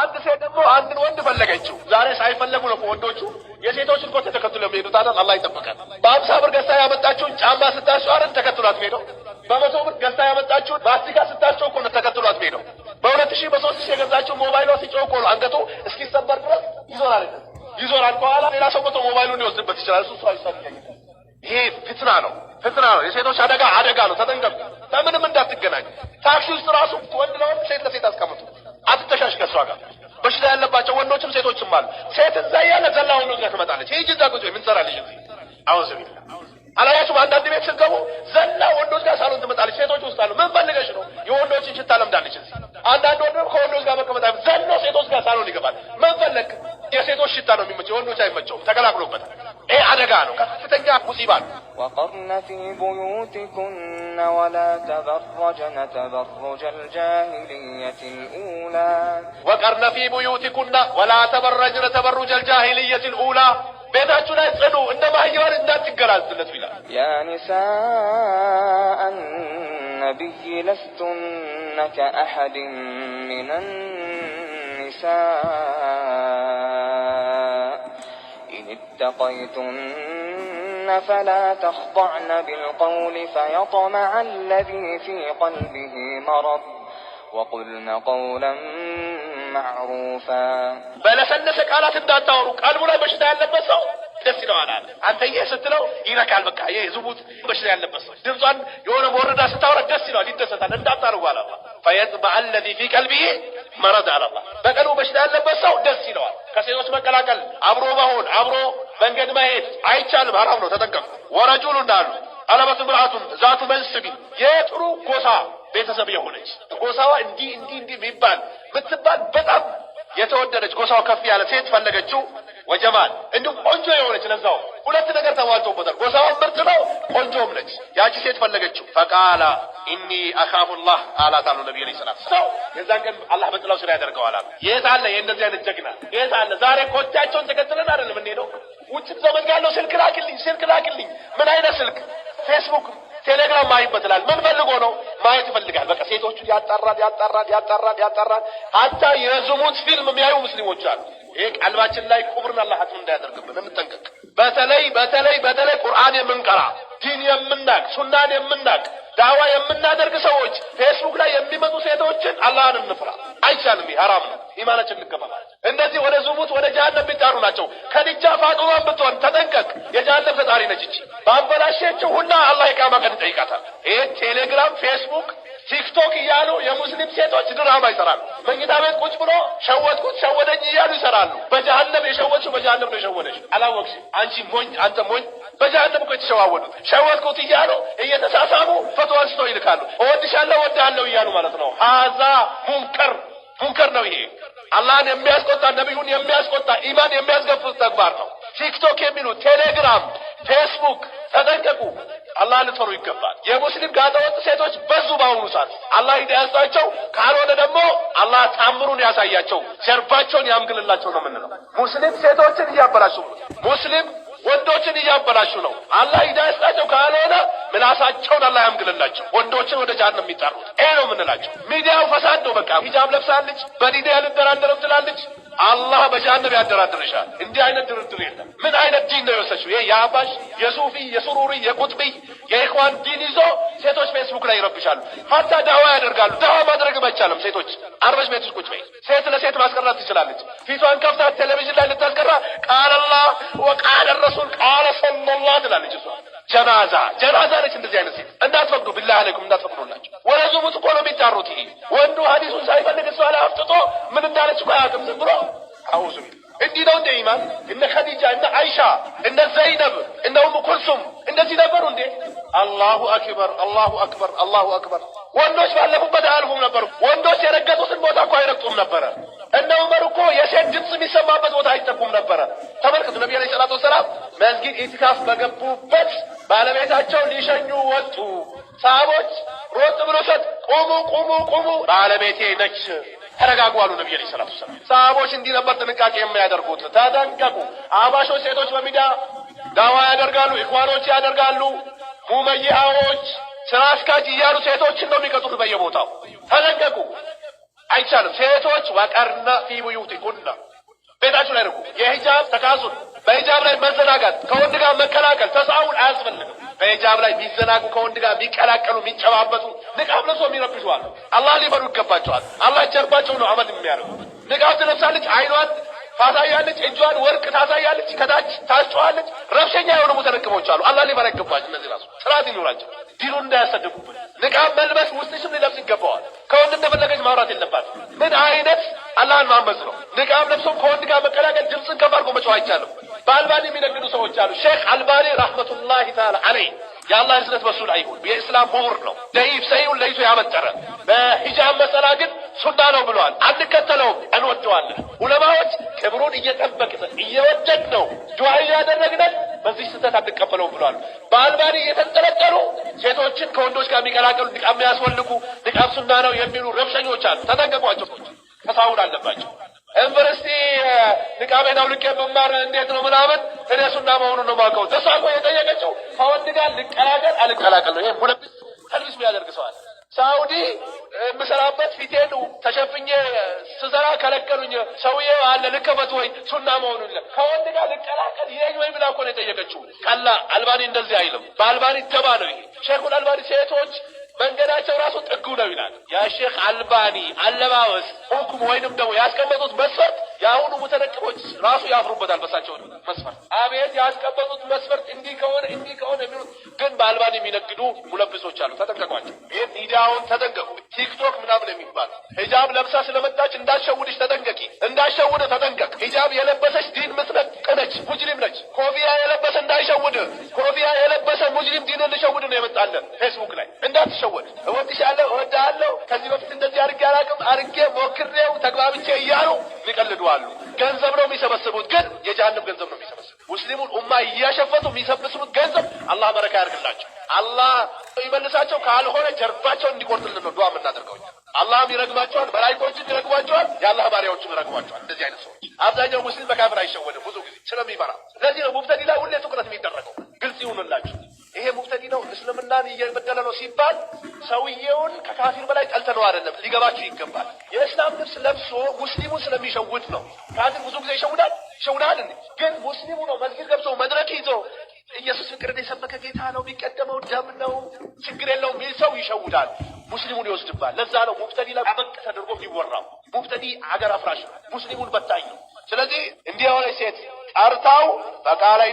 አንድ ሴት ደግሞ አንድን ወንድ ፈለገችው። ዛሬ ሳይፈለጉ ነው ወንዶቹ የሴቶችን ኮት ተከትሎ የሚሄዱት። አላ አላህ ይጠብቃል። በአምሳ ብር ገዝታ ያመጣችውን ጫማ ስታሱ አረን ተከትሏት ሄደው በመቶ ብር ገዝታ ያመጣችውን ማስቲካ ስታቸው እኮ ነው ተከትሏት ሄደው በሁለት ሺህ በሶስት ሺህ የገዛችው ሞባይሏ ሲጮህ እኮ ነው አንገቱ እስኪሰበር ድረስ ይዞራል ይዞራል። ከኋላ ሌላ ሰው መቶ ሞባይሉን ሊወስድበት ይችላል። እሱ እሱ አይሳል። ይሄ ፍትና ነው ፍትና ነው። የሴቶች አደጋ አደጋ ነው። ተጠንቀቁ። በምንም እንዳትገናኙ። ታክሲ ውስጥ ራሱ ወንድ ለወንድ ሴት ለሴት አስቀምጡ። አትተሻሽ ሴቶችም አሉ። ሴት እዛ እያለ ዘላ ሆኖ እዛ ትመጣለች። ይህ እዛ ቁጭ ምን ትሰራለች? እዚ አሁን ስሚ አላያችሁም? አንዳንድ ቤት ስትገቡ ዘላ ወንዶች ጋር ሳሎን ትመጣለች። ሴቶች ውስጥ አሉ። ምን ፈልገሽ ነው? የወንዶችን ሽታ ለምዳለች። እዚ አንዳንድ ወንዶ ከወንዶች ጋር መቀመጣ ዘሎ ሴቶች ጋር ሳሎን ይገባል። ምን ፈለግ? የሴቶች ሽታ ነው የሚመቸው፣ የወንዶች አይመቸውም። ተቀላቅሎበታል። ይህ አደጋ ነው፣ ከፍተኛ ሙሲባ ነው። وقرن في بيوتكن ولا تبرجن تبرج الجاهلية الأولى وقرن في بيوتكن ولا تبرجن تبرج الجاهلية الأولى بيتاችሁ ላይ ጽኑ እንደ ማህየዋን እንዳትገላዝለቱ ይላል يا نساء النبي لستن كأحد من النساء إن اتقيتن فلا تخضعن بالقول فيطمع الذي في قلبه مرض وقلن قولا ማዕሩፋ በለሰለሰ ቃላት እንዳታወሩ። ቃል ሙላ በሽታ ያለበት ሰው ደስ ይለዋል አለ። አንተ ይህ ስትለው ይረካል። በቃ ይህ ዝሙት በሽታ ያለበት ሰው ድምጿን የሆነ በወረዳ ስታወራ ደስ ይለዋል፣ ይደሰታል። እንዳታርጉ አለ አላህ። ፈየጥበዐ አለዚ ፊ ቀልቢሂ መረድ አለ አላህ። በቀሉ በሽታ ያለበት ሰው ደስ ይለዋል። ከሴቶች መቀላቀል፣ አብሮ መሆን፣ አብሮ መንገድ ማሄድ አይቻልም፣ ሐራም ነው። ተጠንቀቁ። ወረጁሉ እንዳሉ አለበት ምርአቱን ዛቱ መንስቢ የጥሩ ጎሳ ቤተሰብ የሆነች ጎሳዋ እንዲህ እንዲህ እንዲህ የሚባል የተወደደች ጎሳው ከፍ ያለ ሴት ፈለገችው። ወጀማል እንዲሁም ቆንጆ የሆነች ለዛው ሁለት ነገር ተሟልቶበታል። ጎሳዋም ምርጥ ነው፣ ቆንጆም ነች። ያቺ ሴት ፈለገችው። ፈቃላ ኢኒ አኻፉላህ አላት አሉ ነቢ ዐለይሂ ሰላም። ሰው የዛን ቀን አላህ በጥላው ስራ ያደርገዋል አሉ። የት አለ የእንደዚህ አይነት ጀግና የት አለ? ዛሬ ኮቻቸውን ተከትለን አይደለም እንሄደው። ውጭ ዘመን ያለው ስልክ ላክልኝ፣ ስልክ ላክልኝ። ምን አይነት ስልክ ፌስቡክ ቴሌግራም ማይበት ማይበትላል ምን ፈልጎ ነው ማየት ይፈልጋል። በቃ ሴቶቹ ያጣራል ያጣራል ያጣራል ያጣራል። ሀታ የዝሙት ፊልም የሚያዩ ሙስሊሞች አሉ። ይሄ ቀልባችን ላይ ቁብርን አላህ ሀትም እንዳያደርግብን እንጠንቀቅ። በተለይ በተለይ በተለይ ቁርአን የምንቀራ ዲን የምናቅ ሱናን የምናቅ ዳዋ የምናደርግ ሰዎች ፌስቡክ ላይ የሚመጡ ሴቶችን አላህን እንፍራ። አይቻልም። ሀራም ነው። ኢማናችን ማለት እንደዚህ ወደ ዝሙት ወደ ጀሃነም የሚጣሩ ናቸው። ከዲጃ ፋጡማን ብትሆን ተጠንቀቅ። የጃለ ፈጣሪ ነች እቺ። ባበላሸችው ሁላ አላህ የቃማ ቀን ይጠይቃታል። ይሄ ቴሌግራም፣ ፌስቡክ፣ ቲክቶክ እያሉ የሙስሊም ሴቶች ድራማ ይሰራሉ። መኝታ ቤት ቁጭ ብሎ ሸወጥኩት ሸወደኝ እያሉ ይሰራሉ። በጀሃነም የሸወጥሽው በጀሃነም ነው የሸወደሽ። አላወቅሽ አንቺ ሞኝ፣ አንተ ሞኝ። በጀሃነም እኮ የተሸዋወዱት ሸወጥኩት እያሉ እየተሳሳሙ ፈቶ አንስቶ ይልካሉ። እወድሻለሁ እወድሃለሁ እያሉ ማለት ነው። ሀዛ ሙንከር ሙንከር ነው ይሄ አላህን የሚያስቆጣ ነቢዩን የሚያስቆጣ ኢማን የሚያስገፉት ተግባር ነው። ቲክቶክ የሚሉ ቴሌግራም፣ ፌስቡክ ተጠንቀቁ። አላ ልፈሩ ይገባል። የሙስሊም ጋጠወጥ ሴቶች በዙ በአሁኑ ሰዓት። አላህ ሂዳ ያስጣቸው፣ ካልሆነ ደግሞ አላህ ታምሩን ያሳያቸው፣ ጀርባቸውን ያምግልላቸው ነው የምንለው። ሙስሊም ሴቶችን እያበላሹ ሙስሊም ወንዶችን እያበላሹ ነው። አላህ ሂዳ ያስጣቸው፣ ካልሆነ ምላሳቸውን አላህ ያምግልላቸው። ወንዶችን ወደ ጃን ነው የሚጠሩት። ይሄ ነው የምንላቸው። ሚዲያው ፈሳድ ነው። በቃ ሂጃብ ለብሳለች፣ በዲን ያልደራደረም ትላለች አላህ በጀሃነም ያደራድርሻል። እንዲህ አይነት ድርድር የለም። ምን አይነት ዲን ነው የወሰችው? ይሄ የአባሽ የሱፊ የሱሩሪ የቁጥቢ የኢኽዋን ዲን ይዞ ሴቶች ፌስቡክ ላይ ይረብሻሉ። ሀታ ዳዋ ያደርጋሉ። ዳዋ ማድረግ አይቻልም። ሴቶች አርበሽ ቤት ቁጭ በይ። ሴት ለሴት ማስቀራት ትችላለች። ፊቷን ከፍታት ቴሌቪዥን ላይ ልታስቀራ ቃለላህ ወቃለ ረሱል ቃለ ሰለላህ ትላለች እሷ ጀናዛ ጀናዛ ነች። እንደዚህ አይነት ሴት እንዳትፈቅዱ፣ ብላ አለይኩም እንዳትፈቅዱላቸው። ወለዙ ሙት እኮ ነው የሚጣሩት። ይሄ ወንዱ ሀዲሱን ሳይፈልግ እሷ ላይ አፍጥጦ ምን እንዳለች እኮ አያውቅም። ዝም ብሎ አውዙ እንዲህ ነው እንደ ኢማን እነ ኸዲጃ እነ አይሻ እነ ዘይነብ እነ ኡሙ ኩልሱም እንደዚህ ነበሩ እንዴ? አላሁ አክበር አላሁ አክበር አላሁ አክበር። ወንዶች ባለፉበት አያልፉም ነበሩ። ወንዶች የረገጡትን ቦታ እኮ አይረግጡም ነበረ። እነ ዑመር እኮ የሴት ድምፅ የሚሰማበት ቦታ አይጠጉም ነበረ። ተመልከቱ፣ ነቢ ዐለይሂ ሰላቱ ወሰላም መስጊድ ኢትካፍ በገቡበት ባለቤታቸው ሊሸኙ ወጡ። ሰሃቦች ሮጥ ብሎ ሰጥ ቁሙ ቁሙ ቁሙ፣ ባለቤቴ ነች ተረጋጉ አሉ ነብዩ ዐለይሂ ሰላቱ ወሰላም። ሰሃቦች እንዲህ ነበር ጥንቃቄ የሚያደርጉት። ተጠንቀቁ። አባሾች ሴቶች በሚዲያ ዳዋ ያደርጋሉ፣ ኢኽዋኖች ያደርጋሉ፣ ሙመይአዎች ስራ አስካጅ እያሉ ሴቶችን ነው የሚቀጡት በየቦታው። ተጠንቀቁ፣ አይቻልም። ሴቶች ወቀርነ ፊ ቡዩቲኩና ቤታችሁ ላይ ርጉ። የሂጃብ ተካሱን በሂጃብ ላይ መዘናጋት ከወንድ ጋር መከላከል ተሳውን አያስፈልግም። በሂጃብ ላይ የሚዘናጉ ከወንድ ጋር የሚቀላቀሉ የሚጨባበጡ ንቃብ ለብሶ የሚረብሸዋል አላህ ሊፈሩ ይገባቸዋል። አላህ ጀርባቸው ነው አመል የሚያደርጉ። ንቃብ ትለብሳለች፣ አይኗን ታሳያለች፣ እጇን ወርቅ ታሳያለች፣ ከታች ታስጨዋለች። ረብሸኛ የሆኑ ሙተረክቦች አሉ። አላህ ሊፈራ ይገባቸው እነዚህ ራሱ ስርዓት ይኖራቸው ዲኑ እንዳያሰድቡብን ንቃብ መልበስ ውስጥሽም ማውራት የለባትም። ምን አይነት አላህን ማመዝ ነው? ንቃብ ለብሶም ከወንድ ጋር መቀላቀል ድምፅን ከፍ አድርጎ መጮህ አይቻልም። በአልባኒ የሚነግዱ ሰዎች አሉ። ሼክ አልባኒ ረህመቱላሂ ተዓላ አለይ የአላህ ህዝነት በሱ ላይ ይሁን። የእስላም ምሁር ነው። ደይፍ ሰይሁን ለይቶ ያመጠረ በሂጃብ መሰላ ግን ሱና ነው ብለዋል። አንከተለውም፣ እንወደዋለን። ዑለማዎች ክብሩን እየጠበቅን እየወደድ ነው ዱዓ እያደረግነን በዚህ ስህተት አንቀበለውም ብለዋል። በአልባኒ የተንጠለጠሉ ሴቶችን ከወንዶች ጋር የሚቀላቀሉ ድቃ የሚያስወልጉ ድቃ ሱና ነው የሚሉ ረብሸኞች አሉ። ተጠንቀቋቸው። ተሳውን አለባቸው። ዩኒቨርሲቲ ንቃቤን አውልቄ መማር እንዴት ነው ምናምን እኔ ሱና መሆኑን ነው ማውቀው። ደሳኮ የጠየቀችው ከወንድ ጋር ልቀላቀል አልቀላቀል ነው። ይሄ ቡለብስ ተልቢስ ያደርግ ሰዋል ሳውዲ የምሰራበት ፊቴን ተሸፍኜ ስሰራ ከለቀሉኝ። ሰውዬ አለ ልከፈት ወይ ሱና መሆኑን ከወንድ ጋር ልቀላቀል ይሄኝ ወይ ብላ እኮ ነው የጠየቀችው። ቀላ አልባኒ እንደዚህ አይልም። በአልባኒ ተባ ነው ይሄ ሼኹል አልባኒ ሴቶች መንገዳቸው ራሱ ጥጉ ነው ይላል። የሼክ አልባኒ አለባበስ ሁኩም ወይንም ደግሞ ያስቀመጡት መስፈርት የአሁኑ ሙተነቅቦች ራሱ ያፍሩበታል። በሳቸው መስፈርት አቤት ያስቀመጡት መስፈርት እንዲህ ከሆነ እንዲህ ከሆነ የሚሉት ግን በአልባኒ የሚነግዱ ሙለብሶች አሉ። ተጠንቀቋቸው። ሙያውን ተጠንቀቁ። ቲክቶክ ምናምን የሚባል ሂጃብ ለብሳ ስለመጣች እንዳሸውድሽ ተጠንቀቂ፣ እንዳሸውድ ተጠንቀቅ። ሂጃብ የለበሰች ዲን ምትነቅ ነች፣ ሙጅሪም ነች። ኮፊያ የለበሰ እንዳይሸውድ፣ ኮፊያ የለበሰ ሙጅሪም ዲን ልሸውድ ነው የመጣለን ፌስቡክ ላይ እንዳትሸወድ። እወድሻለሁ፣ እወድሃለሁ፣ ከዚህ በፊት እንደዚህ አድርጌ አላቅም፣ አድርጌ ሞክሬው ተግባብቼ እያሉ ሊቀልዱ አሉ። ገንዘብ ነው የሚሰበስቡት፣ ግን የጀሃንም ገንዘብ ነው የሚሰበስቡት። ሙስሊሙን ኡማ እያሸፈቱ የሚሰበስቡት ገንዘብ አላህ በረካ ያርግላቸው አላህ የሚመልሳቸው ካልሆነ ጀርባቸውን እንዲቆርጥልን ነው ዱዓ የምናደርገው። አላህም ይረግማቸዋል፣ መላይኮችም ይረግሟቸዋል፣ የአላህ ባሪያዎችም ይረግሟቸዋል። እንደዚህ አይነት ሰዎች አብዛኛው ሙስሊም በካፍር አይሸወድም ብዙ ጊዜ ስለሚመራ። ስለዚህ ነው ሙብተዲ ላይ ሁሌ ትኩረት የሚደረገው። ግልጽ ይሁንላችሁ፣ ይሄ ሙብተዲ ነው እስልምናን እየበደለ ነው ሲባል ሰውየውን ከካፊር በላይ ጠልተነው አይደለም፣ ሊገባችሁ ይገባል። የእስላም ልብስ ለብሶ ሙስሊሙን ስለሚሸውድ ነው። ካፊር ብዙ ጊዜ ይሸውዳል፣ ይሸውዳል። ግን ሙስሊሙ ነው መስጊድ ገብቶ መድረክ ይዞ ኢየሱስ ፍቅርን የሰበከ ጌታ ነው። የሚቀደመው ደም ነው። ችግር የለውም። ይህ ሰው ይሸውዳል፣ ሙስሊሙን ይወስድባል። ለዛ ነው ሙብተዲ ላይ አበቅ ተደርጎ የሚወራው። ሙብተዲ ሀገር አፍራሽ ነው፣ ሙስሊሙን በታኝ ነው። ስለዚህ እንዲህ የሆነ ሴት ጠርታው በቃ ላይ